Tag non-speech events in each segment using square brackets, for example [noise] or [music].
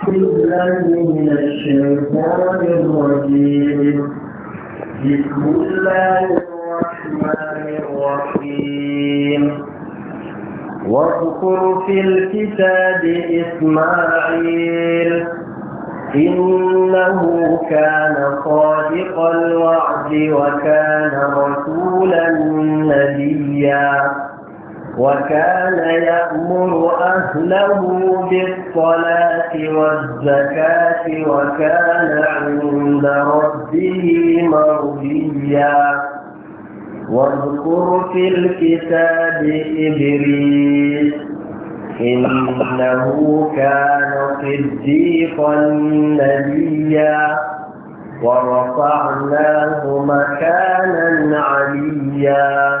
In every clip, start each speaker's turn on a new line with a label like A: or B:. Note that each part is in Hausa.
A: بسم الله الرحمن الرحيم واذكر في الكتاب إسماعيل إنه كان صادق الوعد وكان رسولا نبيا وكان يأمر أهله بالصلاة والزكاة وكان عند ربه مرضيا واذكر في الكتاب إبريس إنه كان صديقا نبيا ورفعناه مكانا عليا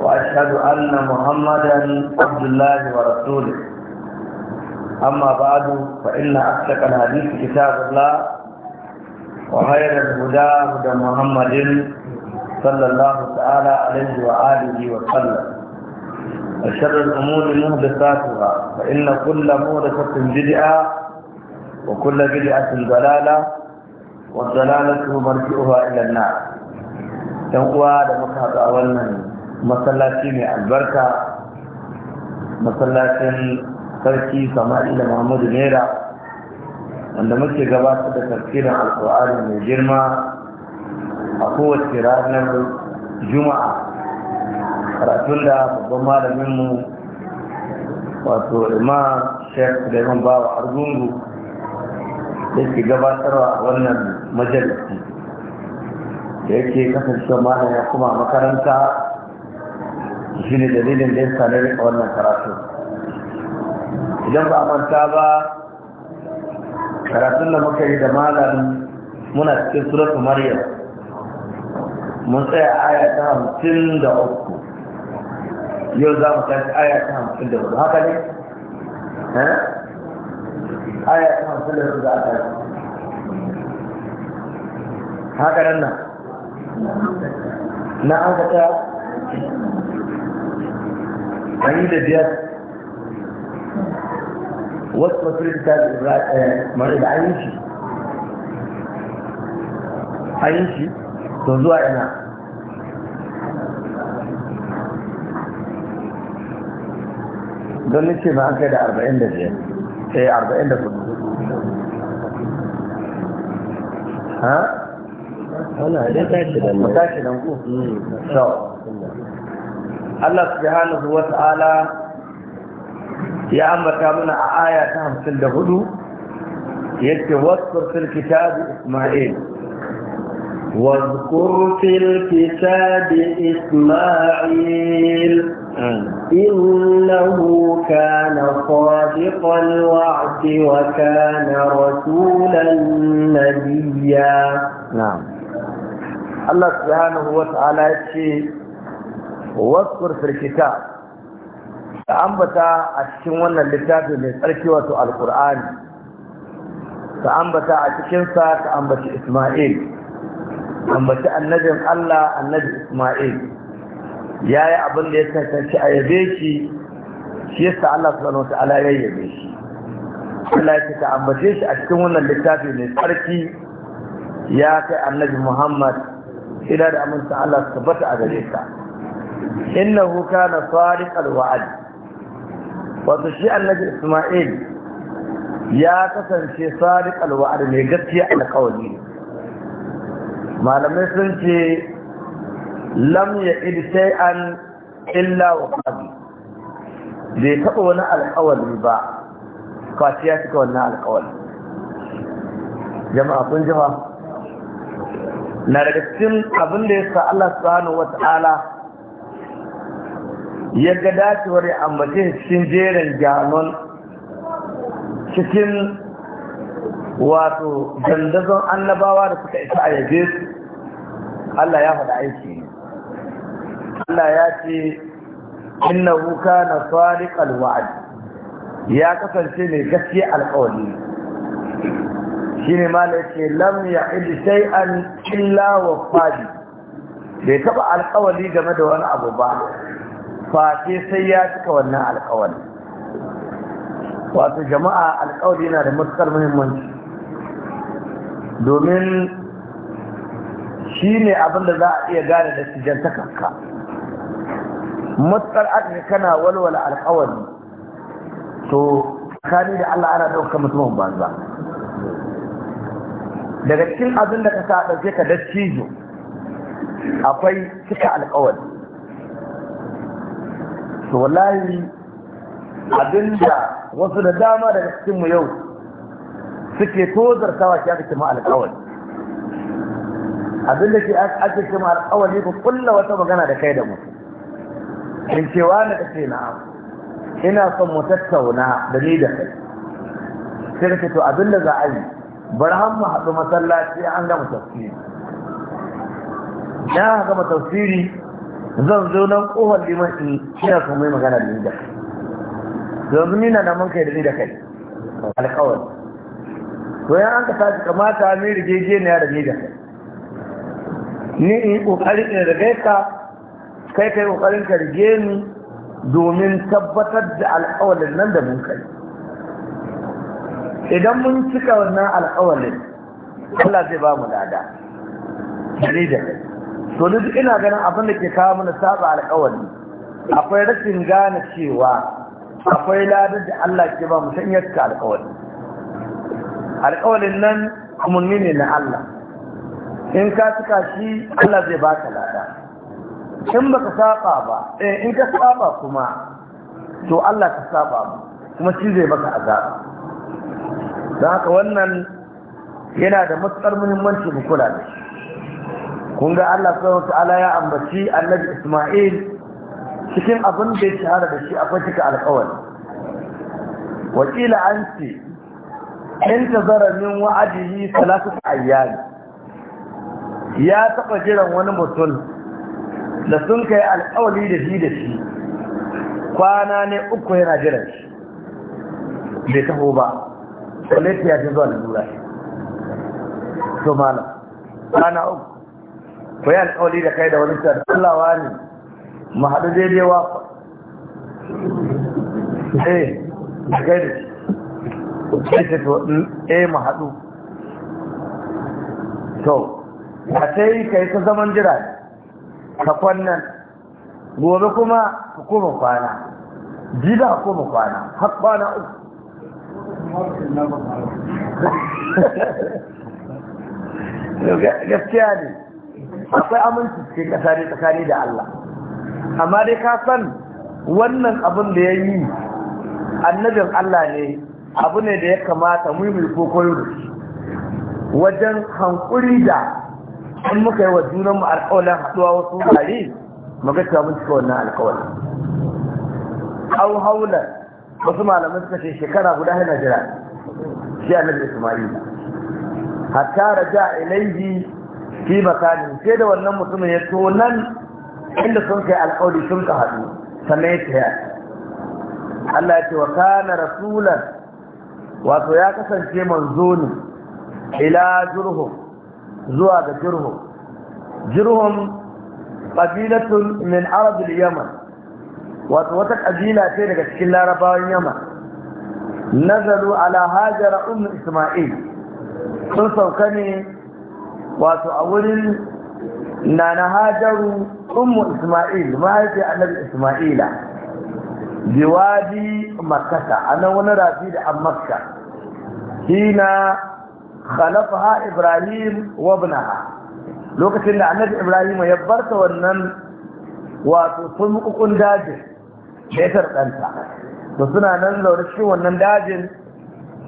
B: وأشهد أن محمدا عبد الله ورسوله أما بعد فإن أصدق الحديث كتاب الله وخير الهدى هدى محمد صلى الله تعالى عليه وآله وسلم وشر الأمور محدثاتها فإن كل محدثة بدعة وكل بدعة ضلالة والضلالة مرجئها إلى النار. يوم da muka haɗu a wannan masallaci mai albarka masallacin sarki sama'ila mahmudu naira wanda muke gabatar da tafsirin alkur'ani mai girma a kowace ranar juma'a karatun da babban malaminmu wato imam da yawan bawa da ke gabatarwa a wannan majalisi da yake kasancewa malaya kuma makaranta shi ne dalilin da ya sa na rika wannan karatu idan ba a manta ba karatun da muka yi da malamin muna cikin suratu maryam mun tsaya aya ta hamsin da uku yau za mu tashi aya ta hamsin da hudu haka ne aya ta hamsin da hudu za a tashi haka nan na an ka tsaya an yi da biyar wasu mafirin ta mara da an yi an yi to zuwa ina don nace ba an kai da 45 da 44 ha? wana da tashi da mu da ku? so Allah subhanahu wa ta'ala ya ambata mana a aya ta hamsin da hudu
A: yake wasfur fil kitabi isma'il واذكر في الكتاب إسماعيل إنه كان صادق الوعد وكان رسولا نبيا نعم الله
B: سبحانه وتعالى ce. waskur firkita da ambata a cikin wannan littafi mai tsarki wato alkur'ani ka ambata a cikinsa ka ambaci isma'il ambaci annabin allah annabi isma'il ya yi abin da ya tantance a yabe shi shi yasa allah subhanahu wa ta'ala ya yabe shi Allah ya ka ambace shi a cikin wannan littafi mai tsarki ya kai annabi muhammad ina da aminta allah su tabbata a gare ka innahu kana sadiqal wa'd wato shi annabi Isma'il ya kasance sadiqal wa'd mai gaskiya alƙawari malamai sun ce lam ya'id an illa wa qadi bai taɓa wani alƙawari ba kwaci ya cika wannan alƙawari jama'a kun jama'a na daga cikin abin da ya sa Allah subhanahu Ta'ala. ya ga dacewar ya ambace cikin jerin ganon cikin wato dandazon annabawa da suka isa a yabe su Allah ya faɗa aiki ne Allah ya ce wuka na sadiqal wa'd ya kasance mai gaske alƙawari shine malai ce lam an shay'an illa wafadi bai taba alƙawari game da wani abu ba face sai ya cika wannan alkawari wato jama'a alkawari yana da matukar muhimmanci domin shi ne abinda za a iya gane da sijan takarka matukar aka kana walwala alkawari to kani da Allah ana ɗaukar mutumin banza daga cikin abin da ka sa ɗauke ka dattijo akwai cika alkawari to wallahi abinda wasu da dama daga cikin mu yau suke tozar zartawa shi aka cima alƙawari abinda ke aka cima alƙawari ku kulla wata magana da kai da mu in cewa na kace na ina son mu tattauna da ni da kai sai kace to abinda za a yi barhan mu haɗu masallaci an gama tafsiri ya gama tafsiri zan zo nan kohon liman in kira ku mai magana da ni da kai yanzu nina na manka kai da ni da kai alkawar to yan an ka tashi mata mai rigegeniya da ni da kai ni in kokarin in rigai ka kai kai kokarin ka rige ni domin tabbatar da alkawarin nan da mun kai idan mun cika wannan alkawarin Allah zai ba mu lada da ni da kai to duk ina ganin abin da ke kawo mana saba alƙawari akwai rashin gane cewa akwai ladar da Allah ke ba mutum yadda cika alƙawari alƙawarin nan umarni ne na Allah in ka cika shi Allah zai baka lada in baka saba ba eh, in ka saba kuma to Allah ka saba ba kuma shi zai baka azaba don haka wannan yana da matsar muhimmanci mu kula da shi kun ga Allah subhanahu ta'ala ya ambaci annabi Isma'il cikin abin da ya shahara da shi akwai cika alkawar. wakila an ce ta tazara min yi salatu ayyam ya taɓa jiran wani mutum da sun kai alkawari da shi da shi kwana ne uku yana jiran shi bai taho ba kwaleti ya ce zuwa da lura shi to malam kwana uku ko yi alƙawari da kai da wani cewa Allah wa ne mu haɗu daidai wa eh da kai da shi sai to mm, eh mu haɗu to a sai kai ta zaman jira ka kwannan gobe kuma ku koma kwana jida ku koma kwana har kwana uku [laughs] gaskiya ne akwai aminci ce kasari tsakani da Allah amma dai ka san wannan abin da ya yi annabin Allah ne abu ne da ya kamata mu yi kokoyo da shi wajen hankuri da in muka yi wa mu alƙawalin haɗuwa wasu gari muka ci mun cika wannan alƙawalin au haula wasu malaman suka ce shekara guda na jira shi annabi Isma'il hatta raja ilaihi fi makanin sai da wannan mutumin ya to nan inda sun kai alƙawari sun ka haɗu sannan ya tsaya Allah ya ce wa kana rasulan wato ya kasance manzo ne ila jurhum zuwa ga jurhum jurhum qabilatun min arab al-yaman wato wata ƙabila ce daga cikin larabawan yaman nazalu ala hajara ummu isma'il sun sauka ne wato a wurin nana hajaru ummu isma'il mahaifi annabi isma'ila biwadi makkata a nan wani rafi da an makka hina khalafaha ibrahim wabnaha lokacin da annabi ibrahim ya barta wannan wato sun sulmukukun dajin shaitar ɗanta da suna nan zaune cikin wannan dajin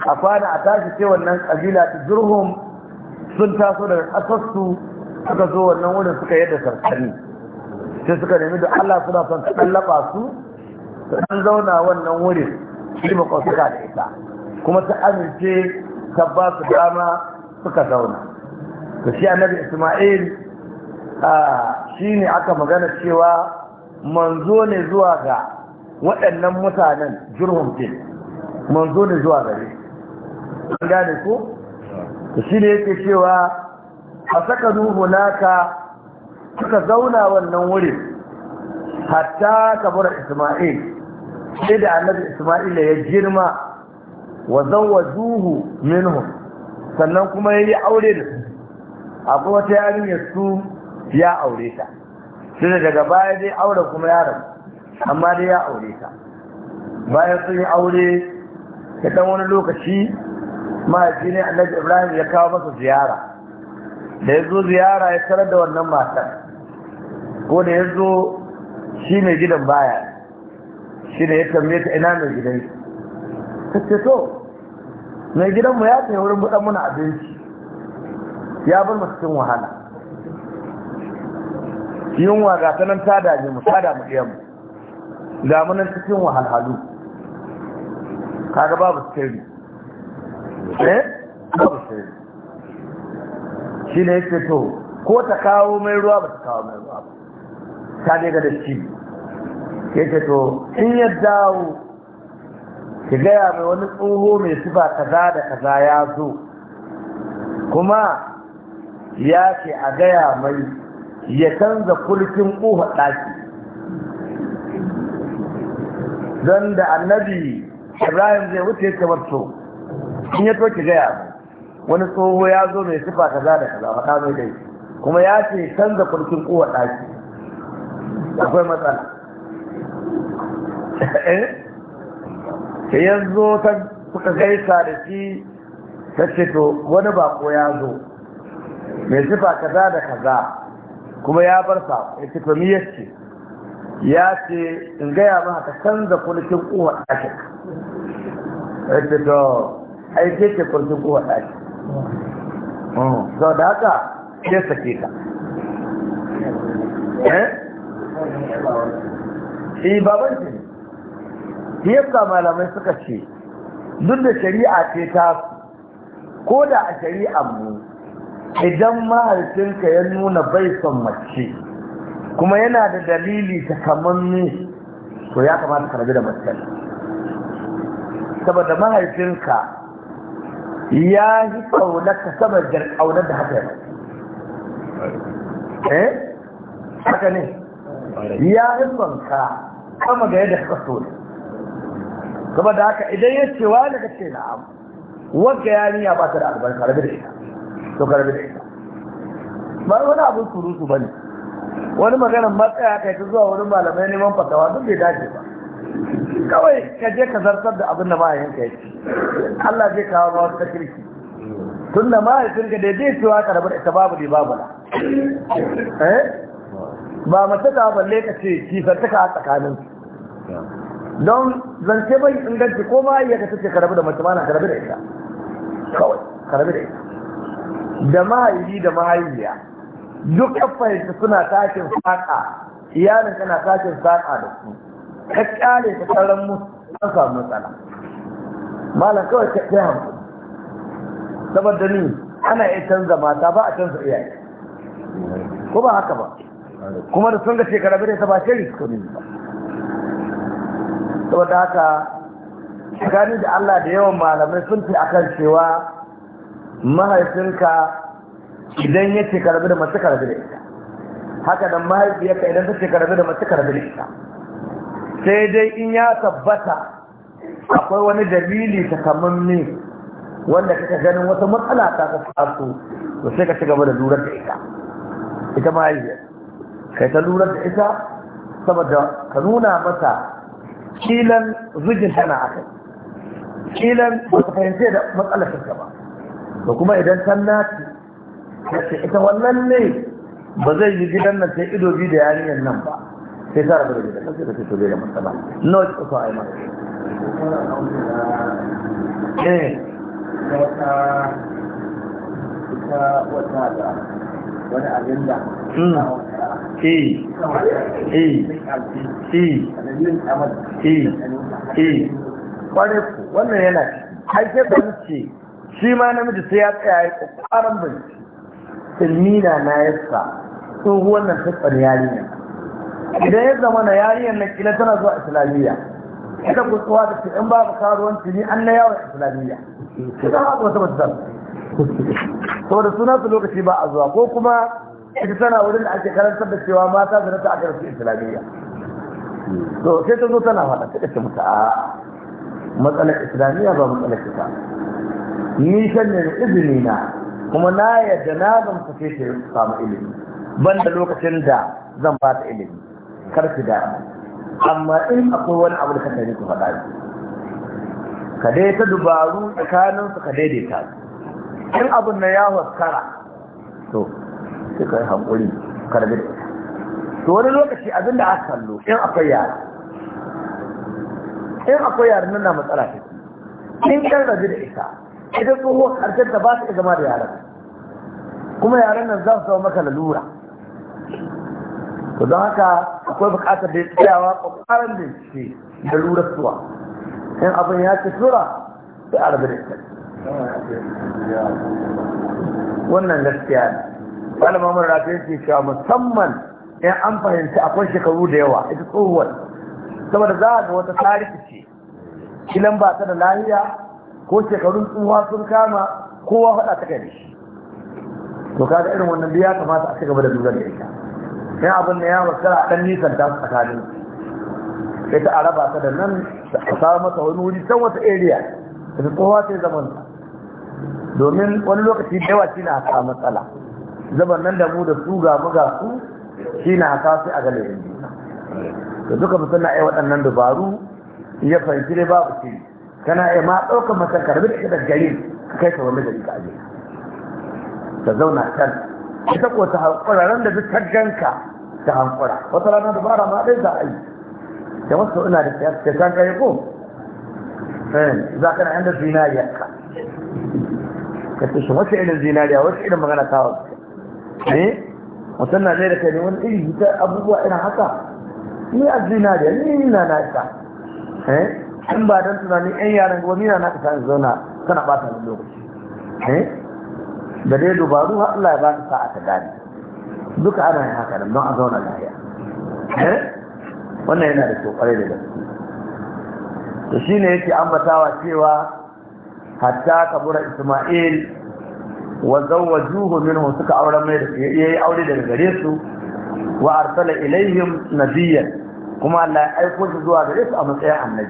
B: a kwana a tashi ce wannan ƙabila ta jurhum sun taso daga ƙasarsu suka zo wannan wurin suka yadda sarkari sai suka nemi da Allah suna son su ɗallaɓa su su ɗan zauna wannan wurin ko suka da ita kuma ta amince ta ba su dama suka zauna to shi annabi isma'il shi ne aka magana cewa manzo ne zuwa ga waɗannan mutanen jirhum manzo ne zuwa gare an gane ko shi ne yake cewa a saka nuhu naka suka zauna wannan wurin hatta ka kabura isma'il sai da annabi isma'il ya girma wa zuhu minhu sannan kuma ya yi aure da su akwai wata yarinyar su ya aure ta sai da daga baya dai aure kuma yaron amma dai ya aure ta bayan sun yi aure ta dan wani lokaci mahaifi ne annabi ibrahim ya kawo masa ziyara da ya zo ziyara ya tarar da wannan matan, ko da ya zo shi mai gidan baya shi ne ya tambaye ta ina mai gidan ta ce to mai gidanmu ya tafi wurin buɗan muna abinci ya bar mu cikin wahala yunwa ga ta nan ta dame mu ta damu ga mu nan cikin wahalhalu kaga babu sirri Eh? shi ne yake to ko ta kawo mai ruwa ba ta kawo mai ruwa ba ta dai ga da shi yake to in ya dawo ki gaya mai wani tsoho mai sifa kaza da kaza ya zo kuma ya ce a gaya mai ya canza kulkin ƙofa ɗaki don da annabi ibrahim zai wuce kamar to. in ya toki gaya wani tsoho ya zo mai sifa za da kaza faɗa mai dai kuma ya ce canza kurkin kowa ɗaki akwai matsala [laughs] eh? sai ya zo ta kuka gaisa da shi ta ce to wani bako ya zo mai sifa kaza da kaza kuma ya bar sa ya ce to mi yace ya ce in gaya maka ka canza kurkin kowa ɗaki ya ce to ai sai ke kurkin kowa ɗaki oh. sau da haka ke sake ta eh shi baban ce ne yadda malamai suka ce duk da shari'a ce ta ko da a shari'a mu idan mahaifinka ya nuna bai son mace kuma yana da dalili ta kamanni to ya kamata ka da mace saboda mahaifinka ya yi ƙaunarka sama da ƙaunar da haka eh haka ne ya yi banka sama ga yadda suka so kuma da haka idan ya ce wa daga ce na na'am wanda ya niya ba ta da albarka rabi da ita to ka da ita ba wani abin surutu ba ne wani maganin matsaya kai ta zuwa wani malamai neman fatawa duk bai dace ba kawai ka je ka zartar da abin da mahaifinka ya ce Allah zai kawo ma wata kirki tun da mahaifinka da zai cewa ka rabu da ita babu ne babu
A: na
B: eh? ba mace ta balle ka ce kisantaka a tsakanin don zance bai inganci ko ma iya ka ce ka da mace ma na da ita kawai ka da ita da mahaifi da mahaifiya duk yan fahimta suna tashin saƙa iyalin kana tashin saƙa da su ka kyale ta tsaron musu an samu matsala malam kawai ka ɗaya hanku saboda ni ana iya canza mata ba a canza iyaye ko ba haka ba kuma da sun ga shekara bai ta ba shiri su ne ba saboda haka tsakani da Allah da yawan malamai sun ce akan cewa mahaifinka idan ya ce karbi da masu karbi da ita haka nan mahaifiyarka idan ta ce karbi da masu karbi da ita sai dai in ya tabbata akwai wani dalili takamammi wanda kika ganin wata matsala ta ka faso to sai ka ci gaba da lura da ita ita ma yi kai ta lura da ita saboda ka nuna mata kilan zujin tana akai kilan ba ta fahimce da matsalar ta ba da kuma idan ta naci ta ce ita wannan ne ba zai yi gidan nan sai ido bi da yarinyar nan ba sai sa rabu da gidan sai ka ce to da masa ba nawa kika so a yi
A: masa eh wata
B: wata da wani agenda
A: eh eh
B: eh eh eh kwarai wannan yana haifar da ce shi ma namiji sai ya tsaya ya ƙwaƙwaran bincike tilmina na yasa tsohuwan nan ta tsari yarinya idan ya zama na yariyar na kila tana zuwa islamiyya ita tsuwa da ce in babu karuwanci ni an na yawon islamiyya shi ta haɗu wata So saboda suna su lokaci ba a zuwa ko kuma ita tana wurin da ake karantar da cewa mata da nata aka rasu islamiyya to sai ta zo tana faɗa ta ita mutu a matsalar islamiyya ba matsalar kita ni shan ne izini na kuma na yadda na zan fice ta samu ilimi ban da lokacin da zan ba ta ilimi kar ki da amma in akwai wani abu da ka sani ku faɗa shi ka dai ta dubaru tsakanin su ka daidaita in abin na ya waskara to sai ka yi hankuri ka da ita to wani lokaci abinda aka kallo in akwai yara in akwai yara nan na matsala ta in kan rabi da ita idan tsoho karshen ta ba su zama da yaran kuma yaran nan za su zama maka lalura to don haka akwai bukatar da ya tsayawa kwakwaran da ke da lura suwa in abin ya ce tura sai a rabu da ita wannan gaskiya ne malamin mura ta yake cewa musamman in an fahimci akwai shekaru da yawa ita tsohuwar saboda za a ga wata tarihi ce kilan ba ta da lahiya ko shekarun tsuwa sun kama kowa faɗa ta kai to kaga irin wannan biya kamata a cigaba da lura da ita ya abin da ya maskara dan nisan ta tsakanin sai ta araba ta da nan ta samu masa wani wuri can wata area da kowa sai zaman domin wani lokaci da yawa shi na haka matsala zaman nan da mu da su ga mu su shi na haka sai a galibin juna da duka mutum na yi waɗannan dabaru ya fahimci dai babu shi kana yi ma ɗaukar masa karbi da daga gari ka kai ta wani gari ka aje ka zauna can ita ko ta haƙuraren da duk ta ganka ta hankura wata rana da bara ma ɗai za a yi da wasu ina da siyasa kan kai ko eh, za ka na yan zinariya ka ka ce shi wasu irin zinariya wasu irin magana ta wasu ne mutum na zai da kai ne wani iri ta abubuwa irin haka ni a zinariya ni na na ta eh, in ba don tunanin yan yaran gobe na na ta zauna kana ba ta lokaci eh, da dai dubaru har Allah ya ba ta sa'a ta gani duka ana yin haka don a zauna lafiya eh? wannan yana da kokare da gaske to shine yake ambatawa cewa hatta kabura isma'il wa zawwajuhu minhu suka aure mai da yayi aure daga gare su wa arsala ilaihim nabiyyan kuma Allah ya aiko shi zuwa gare su a matsayin annabi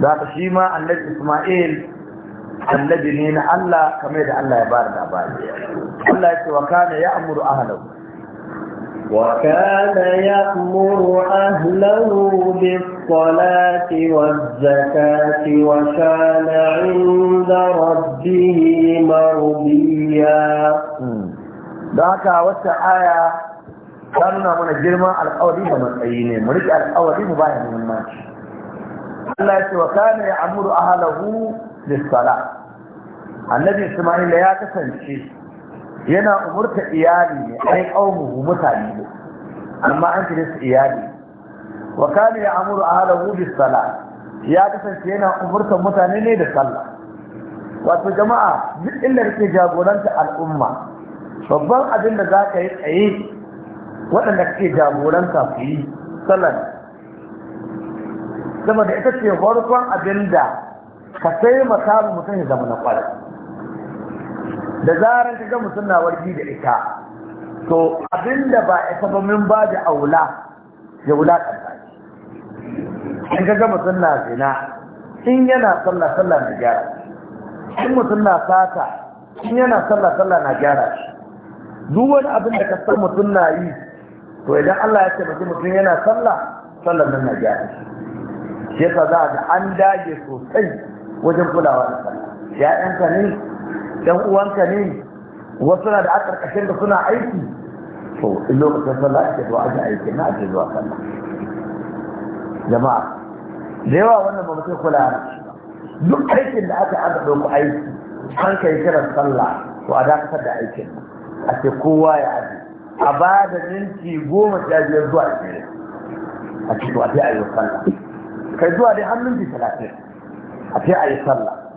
B: da ka shi ma annabi isma'il annabi ne na Allah kamar da
A: Allah ya ba da labari Allah ya ce wa kana ya'muru ahlahu وكان يأمر أهله بالصلاة والزكاة وكان عند ربه مرضيا ذاك والسعايا
B: كاننا من الجرمى الأولي ومسعيني مريك الأولي مباين من الماشي الله وكان يأمر أهله بالصلاة النبي إسماعيل لا يتسنشي yana umurta iyali ne ai qaumuhu mutane ne amma an kire su iyali wa kana ya'muru ahlahu bis sala ya kasance yana umurta mutane ne da sallah wato jama'a duk inda kake jagoranta al'umma babban abin da za ka yi tsaye waɗanda kake jagoranta su yi sallah saboda ita ce farkon abin da ka taimaka mutum ya zama na kwarai da zaran ka ga mutum na wargi da ita to abinda ba ita ba min ba da aula ya wulakanta in ka ga mutum na zina in yana sallah sallah na gyara in mutum na sata in yana sallah sallah na gyara duk wani abin da ka san mutum na yi to idan Allah ya ce mutum yana sallah sallah nan na gyara shi yasa za a ga an dage sosai wajen kulawa da sallah ya'yanka ne yan uwanka ne wasu na da a ƙarƙashin da suna aiki to in lokacin sallah ake zuwa ake aiki na ake zuwa sallah jama'a da yawa wannan ba mutum kula da duk aikin da aka aka ɗauki aiki an kai kiran sallah to a dakatar da aikin a ce kowa ya aji a ba da minti goma sha biyar zuwa ashirin a ce to a ce a yi sallah kai zuwa dai har minti talatin a ce a yi sallah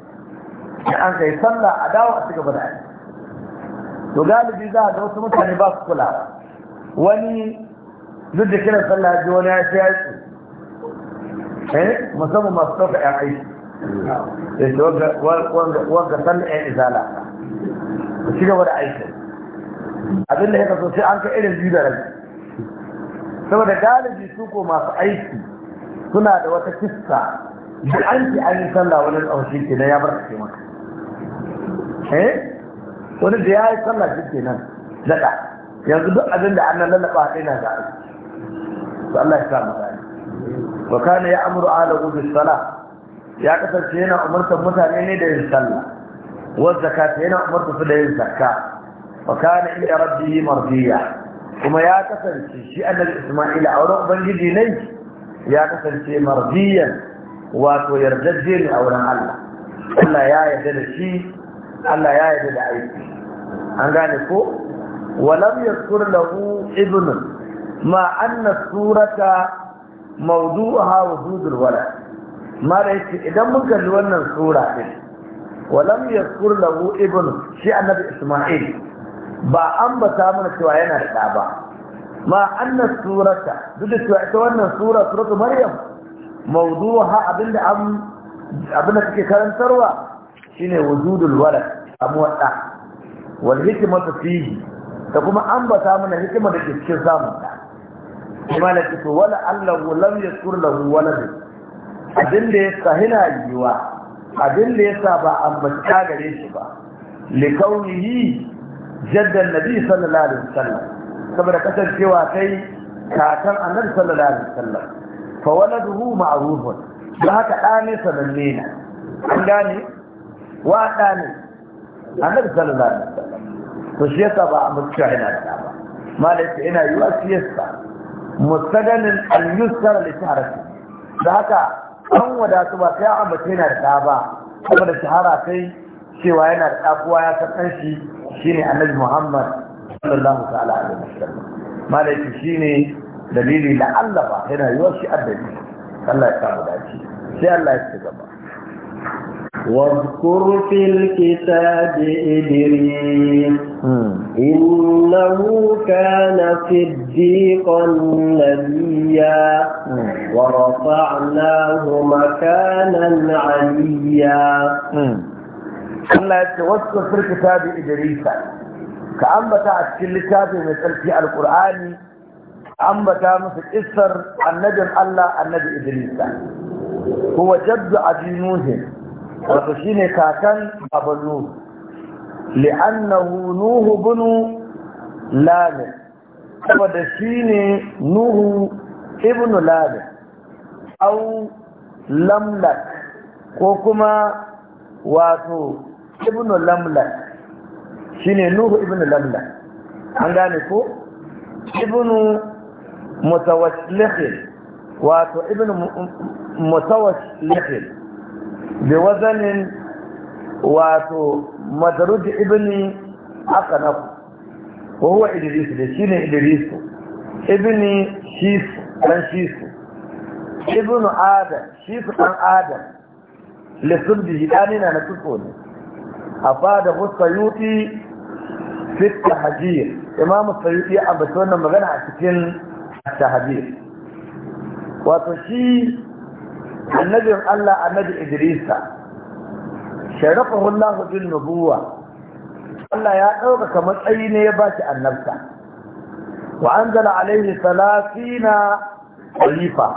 B: in an kai sallah a dawo a cigaba da aiki to galibi za a ga wasu mutane ba su kula wani duk da kiran sallah ji wani ya fi shi, eh musamman masu ɗauka ƴan aiki da eh, shi wanga sallah ƴan izala ku ci gaba da aiki abinda ya kaso sai an kai irin biyu da rai saboda galibi su ko masu aiki suna da wata kista da an ci an yi sallah wani ɗauki ke na ya bar ta maka Eh? wani da ya yi sallah shi ke nan daga yanzu duk abin da annan lalaba ɗaya na za'a su Allah ya sa mu gani wa kana ya amuru alahu bis sala ya kasance yana umarta mutane ne da yin sallah wa zakata yana umarta su da yin zakka wa kana inda rabbihi mardiya kuma ya kasance shi annabi Isma'il a wurin ubangiji ne ya kasance mardiyan wato yardajje ne a wurin Allah Allah ya yarda da shi Allah ya yarda da aiki an gane ko walam yaskur lahu ma anna surata wujudul walad ma da yake idan mun kalli wannan sura din walam yaskur lahu ibnu shi annabi isma'il ba an mana cewa yana da da ba ma anna surata duk da cewa ita wannan sura suratu maryam mawdu'uha abinda am abinda take karantarwa shine wujudul walad samu wadda wal hikmatu fihi da kuma an ba samu na hikima da ke cikin samun da kuma da ke to wala allahu lam yaskur lahu walad abin da ya sahina yiwa abin da ya sa ba an bata gare shi ba likaunihi jaddan nabi sallallahu alaihi wasallam saboda kasancewa kai kakan annabi sallallahu alaihi wasallam fa waladuhu ma'rufun da haka ɗane sananne na an gane wada ne annabi sallallahu alaihi wasallam to shi yasa ba a mutuwa yana da ba malaka ina yiwa shi yasa mustaganin al-yusra li shahrati da haka an wadatu ba sai an bace yana da ba saboda shahara kai cewa yana da ɗafuwa ya san ɗan shi shine annabi muhammad sallallahu ta'ala alaihi wasallam malaka shine dalili la'alla ba yana yiwa shi addani Allah ya samu dace sai
A: Allah ya ci gaba واذكر في الكتاب إدريس إنه كان صديقا نبيا ورفعناه مكانا عليا أما واذكر في الكتاب
B: إدريس كأما تعد في الكتاب مثل في القرآن أما تعد في الإسر النجم الله النبي إدريس هو جد عبد موهن wato ne kakan baban nuhu li'annahu nuhu bunu lamin saboda ne nuhu ibnu lamin au lamlak ko kuma wato ibnu lamlak ne nuhu ibnu lamlak an gane ko ibnu mutawassilin wato ibnu mutawassilin bi wazanin wato madarud ibni akanaf wa huwa idris da shine idris ibni shisu dan shisu ibnu adam shisu dan adam lisubdi dani na na tuko ne afada husayuti fi tahjir imam sayuti a bashi wannan magana a cikin tahjir wato shi annabin Allah annabi Idrisa sharafahu Allah bin nubuwa Allah ya ɗaukaka matsayi ne ya bashi annabta wa anzala alaihi salafina khalifa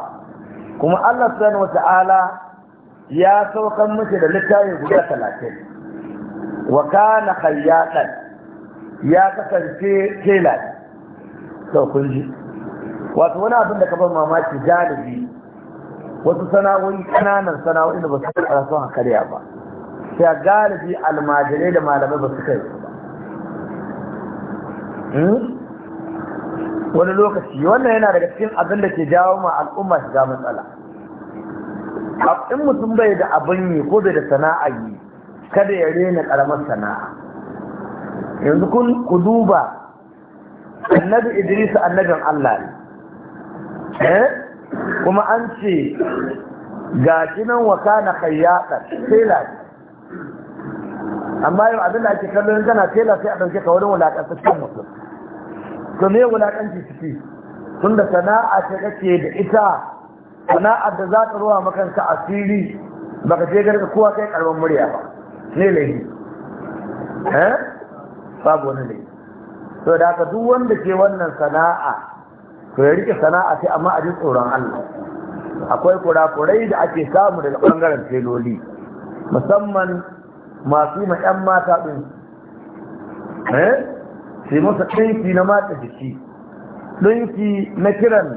B: kuma Allah subhanahu wata'ala ya saukan mace da littafi guda talatin wa kana khayyatan ya kasance tela to kun ji wato wani abin da ka bar mamaki galibi wasu sana'o'i kananan sana'o'i da ba su karɓa sun karya ba sai galibi almajirai da malamai ba su kai hmm? wani lokaci wannan yana daga cikin abin da ke jawo ma al'umma shiga matsala in mutum bai da abin yi ko bai da sana'a yi kada ya rena karamar sana'a yanzu kun ku duba annabi idris annabin allah ne eh? kuma an ce ga shi waka wa kana khayyata tela amma yau abinda da ake kallon kana tela sai a ɗauke ka wurin wulaƙantaccen mutum to me wulaƙanci ciki tunda sana'a ce kake da ita sana'ar da za ta ruwa makanka asiri baka je garga kowa kai karban murya ba ne laifi eh babu wani laifi to da haka duk wanda ke wannan sana'a to ya rike sana'a sai amma a ji tsoron Allah akwai kurakurai da ake samu daga bangaren teloli musamman masu yi ƴan mata ɗin eh sai masa ɗinki na mata jiki ɗinki na kiran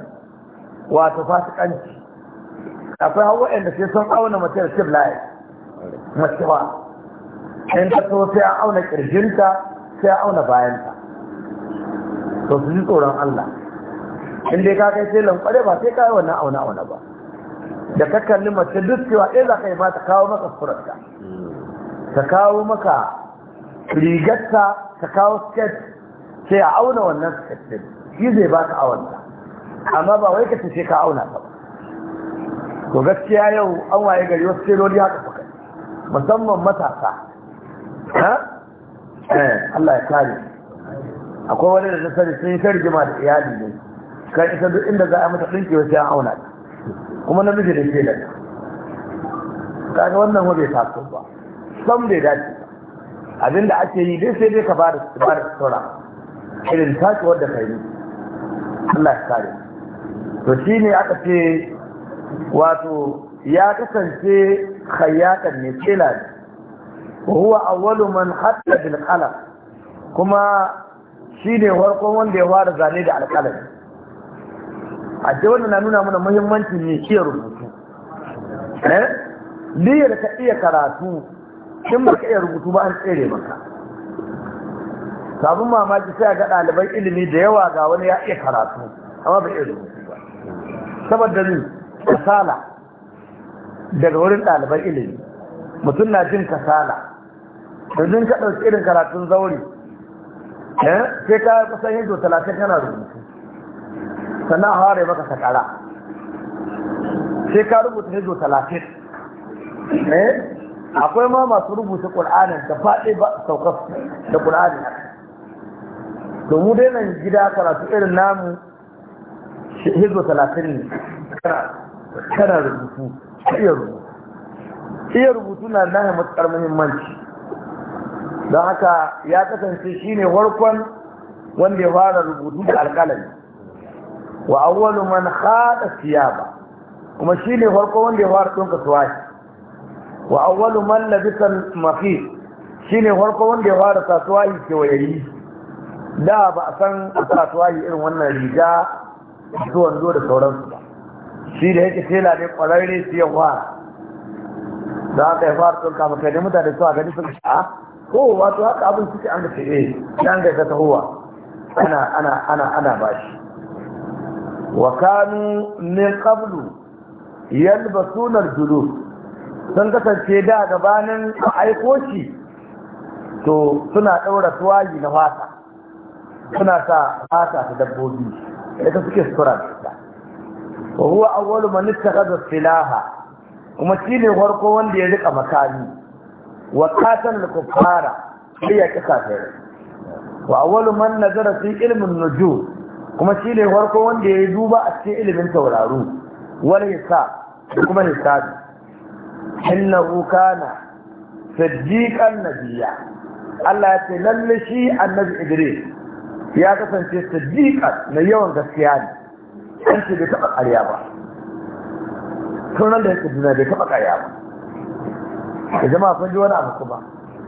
B: wato fasikanci akwai hawa'in da sai sun auna matar da laye in ta so sai an auna ƙirjinta sai an auna bayanta to su ji tsoron Allah in ka kai sai lankware ba sai ka yi wannan auna auna ba da ka kalli mace duk cewa ɗaya za ka yi ma ta kawo maka furarta ta kawo maka rigarta ta kawo sket sai a auna wannan sket ɗin shi zai ba ka awanta amma ba wai ka tafi ka auna ta ba to gaskiya yau an waye gari wasu teloli haka suka musamman matasa ha eh Allah ya kare akwai wani da na sani sun yi ta rigima da iyali ne ka isa duk inda za a mata ɗinki wasu yan auna kuma na miji da ke ka kaga wannan wabe bai taso ba sam bai dace abinda ake yi dai sai dai ka bada bada sutura irin tashi wadda ka yi Allah ya kare to shine aka ce wato ya kasance khayyatan ne kila ne huwa awwalu man hatta bil qalam kuma shine farkon wanda ya fara zane da alƙalami a ce wannan na nuna mana muhimmancin ne iya rubutu eh niyyar ka iya karatu in ba ka iya rubutu ba an tsere maka sabon mamaki sai ga ɗaliban ilimi da yawa ga wani ya iya karatu amma ba iya rubutu ba saboda ni kasala daga wurin ɗaliban ilimi mutum na jin kasala yanzu ka ɗauki irin karatun zauri eh? sai ka kusan yanzu talatin kana rubutu sannan a ware maka sakara sai ka rubuta zo talatin eh akwai ma masu rubuta ƙur'anin da faɗi ba saukar da ƙur'anin mu dai nan gida karatu irin namu hizo talatin ne kana rubutu iya rubutu iya rubutu na nan matuƙar muhimmanci don haka ya kasance shine farkon wanda ya fara rubutu da alƙalami wa awwalu man khada siyaba kuma shine farko wanda ya fara tunka tuwashi wa awwalu man labisa mafi shine farko wanda ya fara sa ke wayayi da ba a san a tuwashi irin wannan riga zuwan zo da sauransu ba shi da yake tela ne kwararre su yawa fara da haka ya fara tunka maka da mutane su a gani sun sha'a ko wato haka abin suke an ga fiye an ga ta huwa ana ana ana ana bashi وكانوا من قبل يلبسون الجلوس sun kasance da gabanin aiko to suna ɗaura tuwayi na fata suna sa fata ta dabbobi ita suke sutura da ita wa huwa awwalu man ittakhadha silaha kuma shi ne farko wanda ya rika makami wa qatal kuffara sai ya kika tare wa awwalu man nazara fi ilmin nujum kuma shi ne farko wanda ya yi duba a cikin ilimin tauraro wal hisab da kuma hisabi innahu kana siddiqan nabiyya Allah ya ce lalle shi annabi Idris ya kasance sadiqan na yawan gaskiya ne an ce bai taɓa ƙarya ba sunan da ya yake duniya bai taɓa ƙarya ba da jama'a sun ji wani abu kuma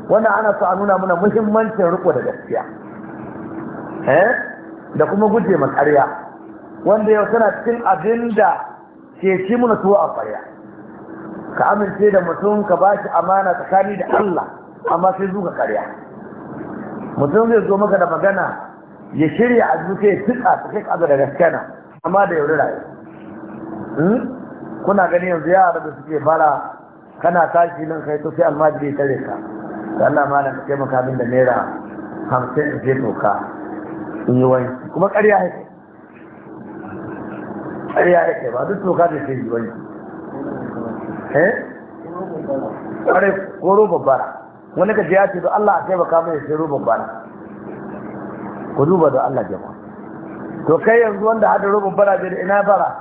B: wannan ana sa a nuna muna muhimmancin riko da gaskiya eh da kuma guje ma ƙarya wanda yau tana cikin abin da ke ci muna a ƙarya ka amince da mutum ka ba shi amana tsakani da Allah amma sai zuwa ƙarya mutum zai zo maka da magana ya shirya a zuke ya tuka ta kai kaga da gaskana amma da rayu hmm? kuna gani yanzu yara da suke fara kana tashi nan kai to sai almajiri ya tare ka Allah ma na taimaka min da naira hamsin in je toka E yi kuma ƙarya yake ƙarya ba duk toka da ke yi wanki ko roba bara wani ka jiya ce da Allah a taimaka mai sai roba bara ku duba da Allah jama to kai yanzu wanda hada roba bara bai da ina bara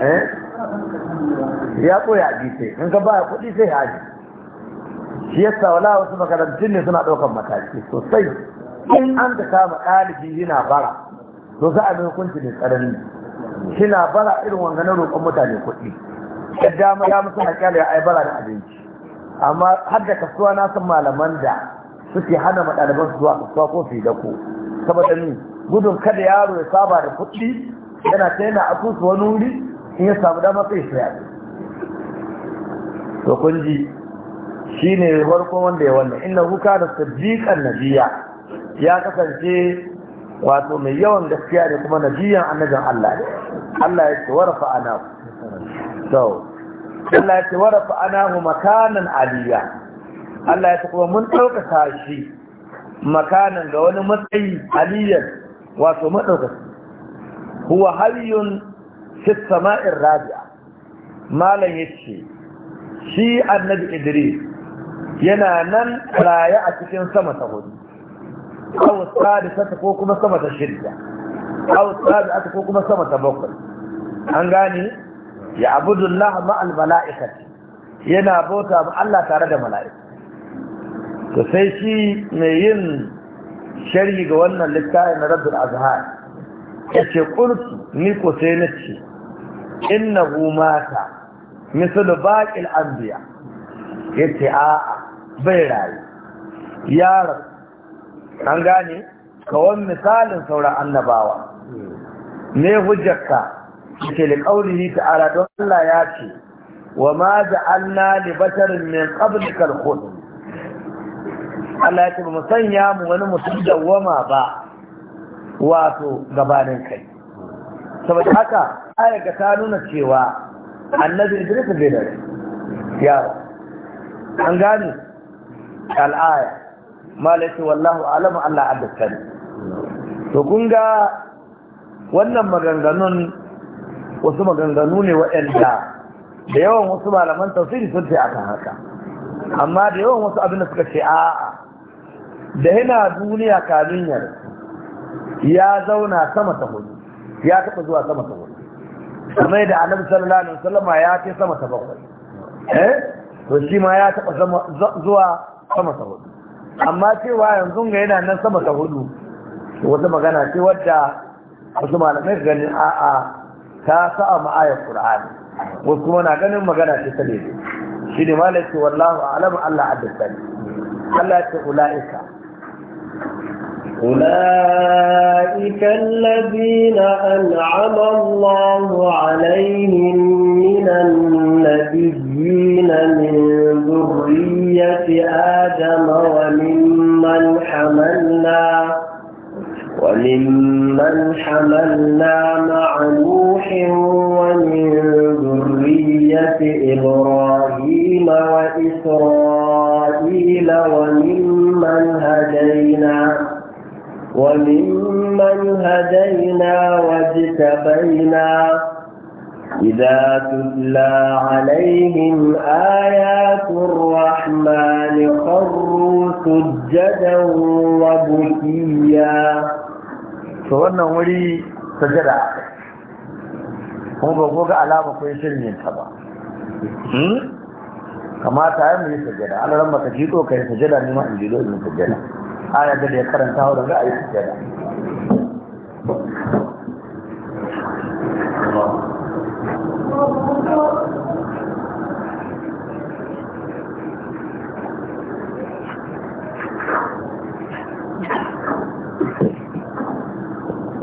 B: eh ya koya a gite, in ka baya kuɗi sai haji shi yasa wala wasu makarantun ne suna ɗaukar mataki sosai in an ta kama ɗalibi yana bara to za a mai kunci mai tsanani yana bara irin wanganin roƙon mutane kuɗi yadda dama ya musu haƙƙi ya ai bara da abinci amma har da kasuwa na san malaman da suke hana maɗaliban su zuwa kasuwa ko su yi dako saboda ni gudun kada yaro ya saba da kuɗi yana ta yana asusu wani wuri in ya samu dama sai shi to kun ji shine farko wanda ya wannan inna kuka da sadiqan nabiya ya kasance wato mai yawan gaskiya ne kuma nabiyan annajin Allah ne Allah ya ce warafa anahu so Allah ya ce warafa mu makanan aliya Allah ya ce kuma mun ɗaukaka shi makanan ga wani matsayi aliyan wato maɗaukaka huwa hayyun fi sama'in rabi'a malam ya ce shi annabi idris yana nan raye a cikin sama ta hudu aw sadisata ko kuma sama ta shidda aw sadisata ko kuma sama ta bakwai an gane ya abudullah ma al mala'ikati yana bauta ma Allah tare da mala'iku to sai shi mai yin sharhi ga wannan littafin na Rabbul Azhar yace qultu ni ko sai nace innahu mata misal baqil anbiya yace a bai rayu ya an gane kawon misalin sauran annabawa ne hujjarka ke da ta ta'ala don Allah ya ce wa ma ja'alna li batar min qablika al-khuld Allah ya ce ba sanya mu wani mutum dawwama ba wato gabanin kai saboda haka ayar ta nuna cewa annabi Idris bin da yaro an gane al'aya malaka wallahu alamu Allah dukkan to kun ga wannan maganganun wasu maganganu ne waɗanda da yawan wasu malaman tafsiri sun ce aka haka amma da yawan wasu abin da suka ce a'a da yana duniya kamin ya zauna sama ta hudu ya taɓa zuwa sama ta hudu kuma da annabi sallallahu alaihi wasallam ya ce sama ta bakwai eh to shi ma ya taɓa zuwa sama ta hudu amma cewa yanzu ga yana nan sama ta hudu wata magana ce wadda wasu malamai ganin a'a ta sa'a ma'ayar qur'ani wasu kuma na ganin magana ce ta daidai
A: shi ne malam ce wallahu alama Allah a addasani Allah ce ula'ika أولئك الذين أنعم الله عليهم من النبيين من ذرية آدم وممن حملنا وممن حملنا مع نوح ومن ذرية إبراهيم وإسرائيل وممن هدينا وممن هدينا واجتبينا إذا تتلى عليهم آيات الرحمن خروا سجدا وبكيا فوانا ولي سجدا
B: هم بقوك على بقوي سلمين سبا كما تعلم لي سجدا أنا لما تجيكو كي سجدا لما انجلو من سجدا آية دل يقرن تاورا لا أي سجدا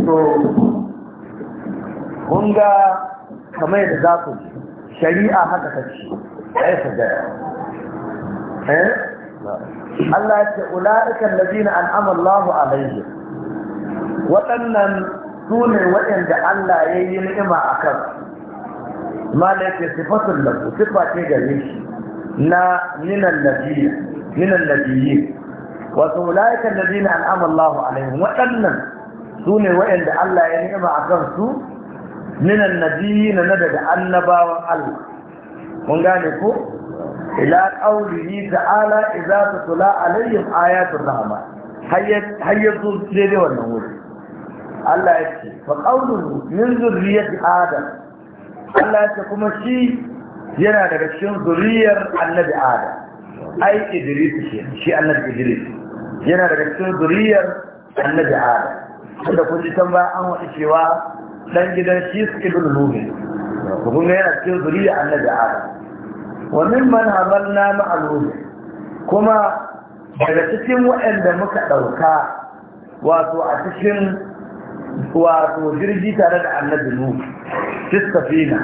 B: to kun ga kamar yadda za ku shari'a haka kace ai sajada eh Allah ya ce ulaiikal ladina an'ama Allahu alaihim waɗannan su ne waɗanda Allah ya yi ni'ima a kan malaka sifatul lahu sifa ce gare shi na minan nabiyyi minan nabiyyi wato ulaiikal ladina an'ama Allahu alaihim waɗannan su ne wa'anda Allah ya nema a kan su minan nabiyina na daga annabawan Allah mun gane ko ila qaulihi ta'ala idza tutla alaihim ayatul rahman hayyazu daidai wannan wuri Allah ya ce fa qawluhu min zurriyyati adam Allah ya ce kuma shi yana daga cikin zuriyar annabi adam ai idris shi annabi idris yana daga cikin zuriyar annabi adam wanda kun ji can baya an waɗi cewa ɗan gidan shi su ibn nuhi ku kun yana cikin zuriya annabi adam wa man hamalna ma'a nuhi kuma daga cikin waɗanda muka ɗauka wato a cikin wato jirgi tare da annabi nuhu fina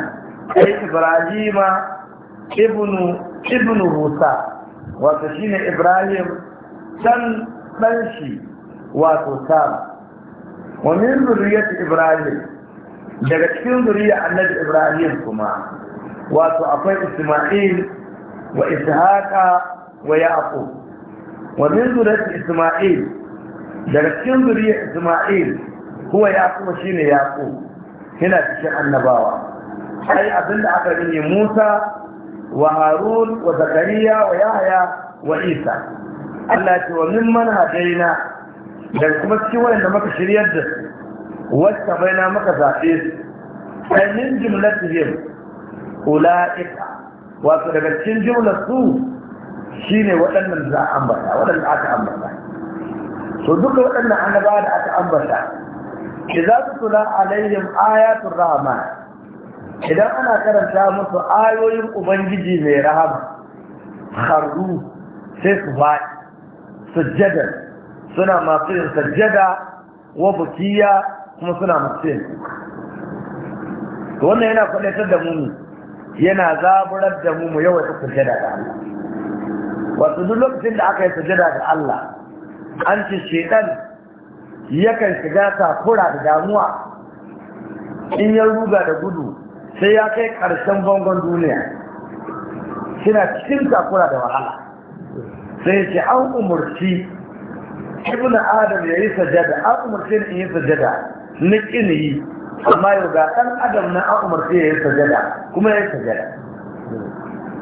B: ai ibrahima ibnu ibnu musa wato shine ibrahim san ɗan shi wato sama wa min ibrahim daga cikin zuriya annabi ibrahim kuma wato akwai isma'il wa ishaqa wa yaqub wa isma'il daga cikin zuriya isma'il huwa yaqub shine yaqub yana cikin annabawa ai abinda aka rinye Musa wa Harun wa Zakariya wa Yahaya wa Isa Allah ce da kuma cikin wayanda maka shiryar da su wacce bai na maka zaɓe su sai min jumlatihim ula'ika wasu daga cikin jumlar su shine waɗannan za a ambata waɗanda aka ambata so duka waɗannan an ba da aka ambata idza tutla alaihim ayatul rahman idan ana karanta musu ayoyin ubangiji mai rahama kharru sai su ba sujjadan suna masu yin sajjada wa bukiya kuma suna masu wannan yana kwadatar da mu yana zaburar da mu mu yawaita sajjada da Allah Wasu duk lokacin da aka yi sajjada da Allah an ce shedan yakan shiga takura da damuwa in ya ruga da gudu sai ya kai ƙarshen bangon duniya suna cikin takura da wahala sai ce an umarci ibn adam ya yi sajada an umarce ni in yi sajada na ƙin yi amma yau ga ɗan adam na an umarce ya yi sajada kuma ya yi sajada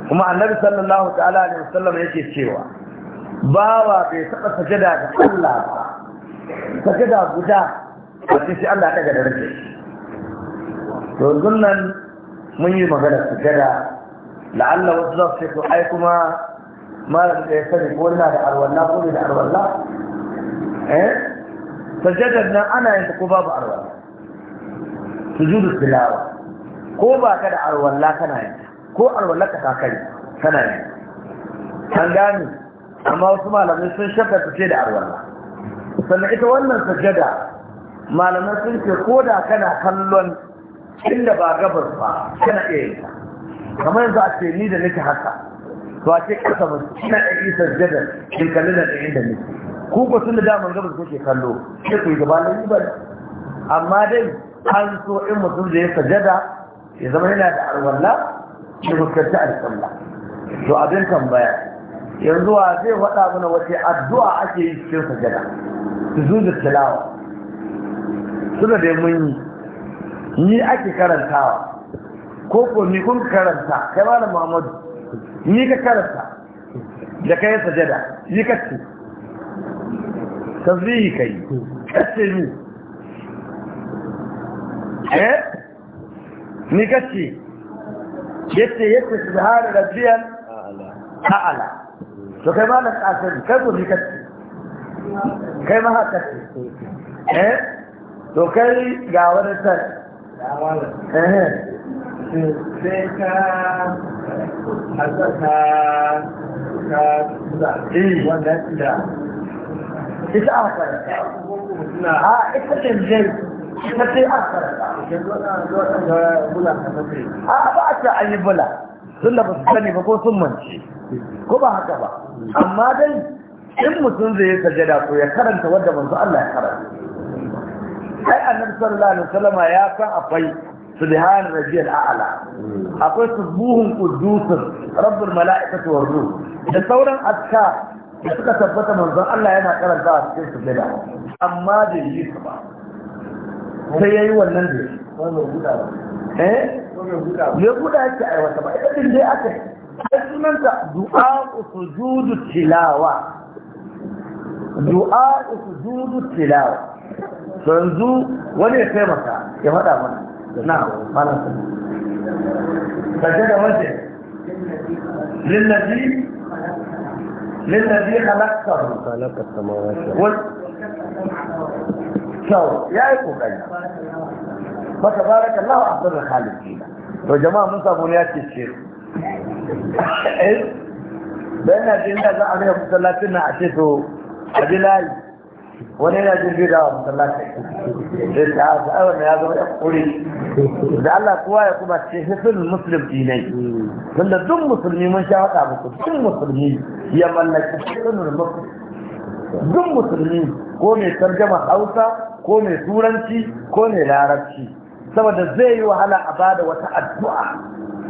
B: kuma annabi sallallahu ta'ala alaihi wasallam yake cewa bawa bai taɓa sajada ga Allah ba sajada guda wacce shi Allah ya ɗaga da rage to nan mun yi magana sajada la'alla wasu za su ce to ai kuma malam da ya sani ko na da arwallah ko da arwallah Eh? sajjadar nan ana yin ta ko babu arwalla sujudu tilawa ko ba ka da arwalla kana yin ko arwalla ka kakari kana yin an gani amma wasu malamai sun shafa ta ce da arwalla sannan ita wannan sajjada malamai sun ce ko da kana kallon inda ba gabar ba kana iya yin kamar yanzu a ce ni da nake haka to a ce kasa ba suna iya isa jadar in kalli da ɗan inda nake Kuka sun da daman gabas kuke kallo sai ku yi gaba na bari amma dai an so in mutum da ya sajada ya zama yana da alwala ya fuskanci alƙalla to abin tambaya yanzu wa zai faɗa mana wace addu'a ake yi cikin sajada su zuzu tilawa suna da mun yi ni ake karantawa ko ko ni kun karanta kai malam Muhammadu ni ka karanta da kai sajada ni ka ci tasbihi kai kace ni eh ni kace yace yace subhana rabbiyal a'la to kai malam asali kai ko ni kace kai ma haka kace eh to kai ga wani tar
A: eh sai ka hazaka ka wanda ita aka karanta a ita ce jan ita ce aka karanta
B: a ba a ce an yi bula sun da ba su sani ba ko sun mance ko ba haka ba amma dai in mutum zai yi sajada ko ya karanta wadda manzo Allah ya karanta Sai annabi sallallahu alaihi wasallam ya san akwai subhan rabbiyal a'la akwai subuhun qudusun rabbul mala'ikati war ruh da sauran aska da suka tabbata manzon Allah yana karanta a cikin sujada amma bai yi su ba sai yayi wannan da eh ya guda yake aiwata ba ita din dai aka ai sunanta du'a sujudu tilawa du'a sujudu tilawa yanzu wani ya sai maka ya faɗa mana na mana da wace lillazi للذي خلق
A: صبر خلق السماوات يا
B: ايكم بقى الله احضر الخالق فينا يا جماعه موسى بنيات الشيخ إيه؟ بين الجنه ذا عليه 30 عشته اجلال wani yana jin zai dawa masallaci da ta hasa awon ya zama ya kuri da Allah kowa ya kuma ce hifin musulun dinai wanda duk musulmi mun sha wata musu duk musulmi ya mallaki hifin musulmi duk musulmi ko mai tarjama hausa ko mai turanci ko mai larabci saboda zai yi wahala a bada wata addu'a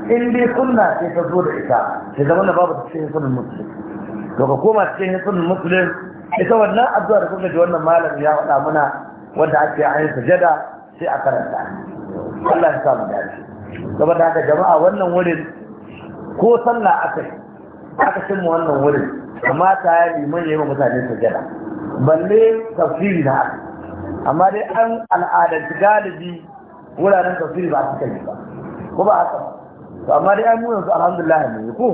B: in dai sunna ce ta zo da ita sai zama na babu cikin hifin musulmi to ka koma cikin hifin musulmi ita wannan addu'a da kuma ji wannan malam ya wada muna wanda ake ayin sujada sai a karanta Allah ya sa mu dace saboda haka jama'a wannan wurin ko sallah aka yi aka cimma wannan wurin kamata ya liman ya yi mutane sujada balle tafsiri na haka amma dai an al'adanci galibi wuraren tafsiri ba a kai yi ba ko ba haka to amma dai an mu yanzu alhamdulillah ne ko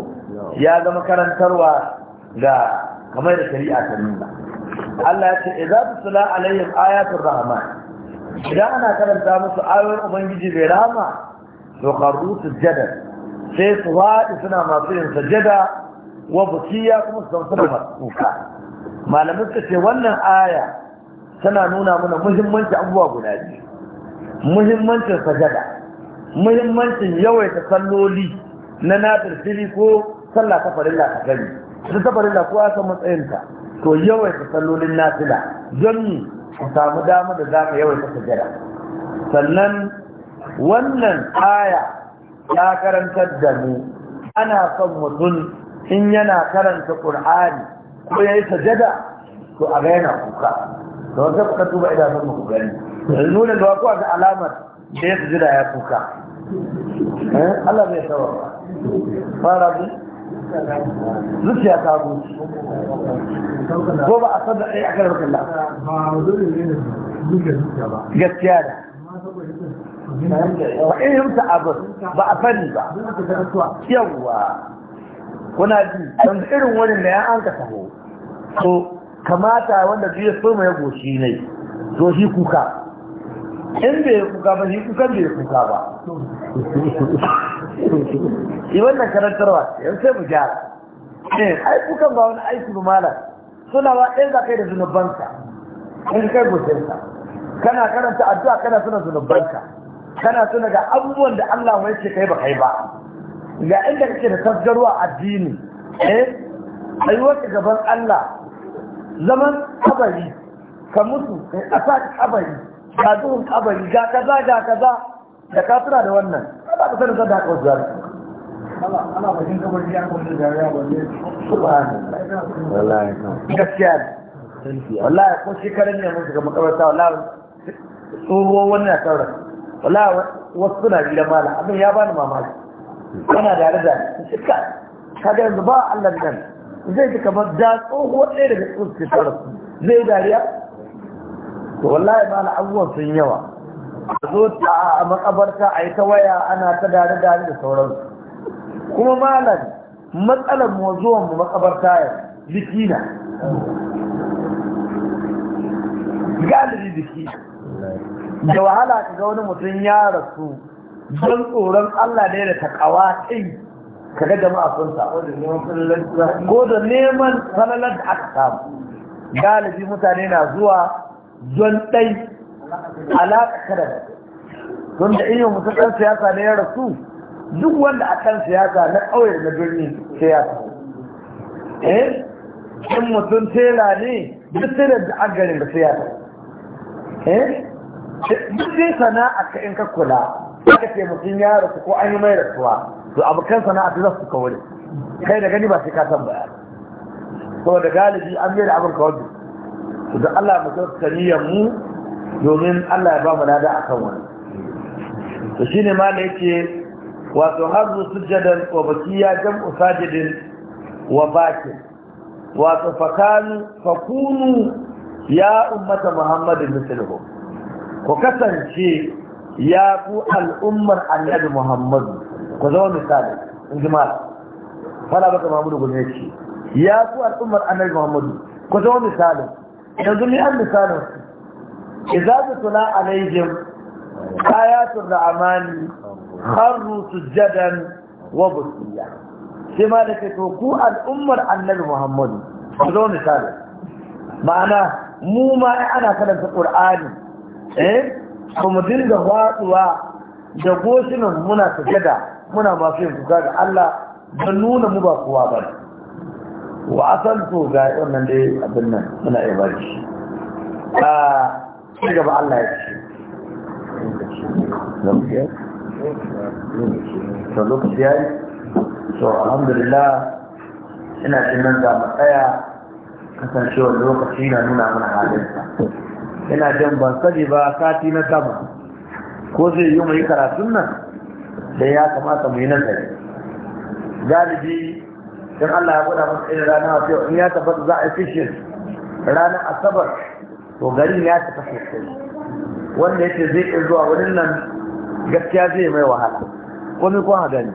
B: ya zama karantarwa ga kamar da shari'a ta nuna Allah ya ce idza tusla alaihim ayatul rahman idan ana karanta musu ayoyin ubangiji bai rahama to qarru sujada sai su faɗi suna masu yin sujada wa bukiya kuma su zama masu malamai suka ce wannan aya tana nuna mana muhimmanci abubuwa guda biyu muhimmancin sajada muhimmancin yawaita salloli na nadir ko sallah ta farilla ta gani su ta farilla kowa san matsayinta to yawaita sallolin nafila don ni ka samu dama da za ka yawaita sajada sannan wannan aya ya karantar da mu ana son mutum in yana karanta ƙur'ani ko ya yi sajada to a ga yana kuka da wata kuka tuba sun muku gani yanzu nuna da wakuwa ga alamar da ya sajada ya kuka eh? Allah bai sawa fara bi zuciya ta bu ko ba a sanda ɗaya a kan rukun gaskiya da ba in ta abu ba a sani ba yawwa kuna ji don irin wani da ya an ka taho to kamata wanda zai so mai goshi ne to shi kuka in bai kuka ba shi kuka bai kuka ba shi wannan karantarwa yanzu sai mu gyara eh, ai kukan ba wani aiki ba mala suna ba ɗaya za kai da zunubanka in kai gosinka kana karanta addu'a kana suna zunubanka kana suna ga abubuwan da Allah mai ce kai ba kai ba ga inda kake da tasgarwa addini eh wata gaban Allah zaman kabari ka mutu kai kasa kabari ka duhun kabari ga kaza ga kaza da ka suna da wannan ba ka sanin sanda aka wasu jari ana bakin kamar ya kuma jari ya balle subhanallahi wallahi gaskiya wallahi ko shekarun ne mun shiga makabarta wallahi tsoho wannan ya kaura wallahi wasu suna gidan malam abin ya bani mamaki kana da rida shika kaga yanzu ba Allah nan zai ji kamar da tsoho ɗaya daga tsoho ke tsara zai dariya wallahi malam abubuwan sun yawa zo ta a makabarta a yi ta waya ana ta dare dare da sauransu kuma malam matsalar mu zuwan mu makabarta ya jiki na galibi jiki da wahala ka ga wani mutum ya rasu don tsoron Allah ne da takawa kai kaga jama'a sun samu ko da neman salalar da aka samu galibi mutane na zuwa don ɗai alaƙa kada don da iya mutum ɗan siyasa ne ya rasu duk wanda a kan siyasa na ƙauye na birni siyasa eh in mutum tela ne duk tela da an garin da siyasa eh duk zai sana'a ka in ka kula aka ce mutum ya rasu ko an yi mai rasuwa to abokan sana'a ta za su kai da gani ba sai ka san ba da galibi an mai da abin kawai to da Allah mu tsariyar mu domin Allah ya ba mu nada akan wani to shine ma da yake wato hazu sujadan wa bakiya jam'u sajidin wa baki wato fakanu fakunu ya ummata muhammadin mislihu ku kasance ya ku al'ummar annabi muhammadu ku zama misali in ji mala fara baka mamudu gune ce ya ku al'ummar annabi muhammadu ku zama misali yanzu ni an misalin idza tutla alaihim ayatul rahmani kharru sujadan wa bukiya sai ma to ku al'ummar annabi muhammadu ku zo misali ma'ana mu ma ana karanta qur'ani eh kuma dinga watsuwa da goshinan muna sujada muna masu yin kuka ga Allah don nuna mu ba kowa ba wa asal to ga wannan dai abin nan muna ibadi ci gaba Allah ya ce to lokaci ya yi to alhamdulillah ina cin nan za mu tsaya kasancewar lokaci na nuna mana halinsa ina jin ban sani ba sati na sama ko zai yi mu yi karatun nan da ya kamata mu yi nan gari galibi don Allah ya gwada masu irin rana wasu in ya tabbata za a yi fishin ranar asabar to garin ya cika sosai wanda yake zai iya zuwa wurin nan gaskiya zai mai wahala komai ko a gani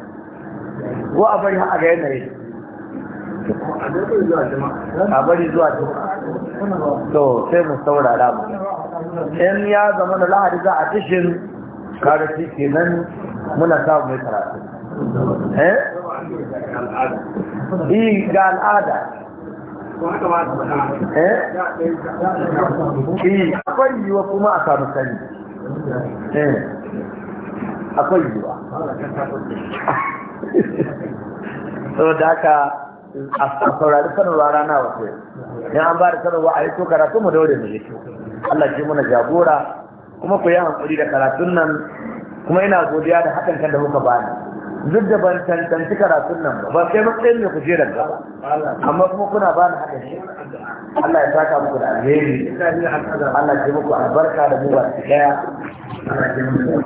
B: ko a bari a ga yanayi a bari zuwa to sai mu saurara mu in ya zama da lahadi za a tishin karafi kenan muna samu mai karatu eh ga al'ada akwai yiwuwa kuma a samu sani eh. akwai yiwuwa saboda haka a saurari sanarwa rana wasu yan an ba da sanarwa a yi to karatu mu daure mu yi Allah ji muna jagora kuma ku yi hankuri da karatun nan kuma ina godiya da hakan kan da kuka bani duk da ban tantanci karatun nan ba ban kai matsayin mai da ba amma kuma kuna ba ni haɗa shi Allah ya saka muku da alheri Allah ya muku albarka da mu ba su ɗaya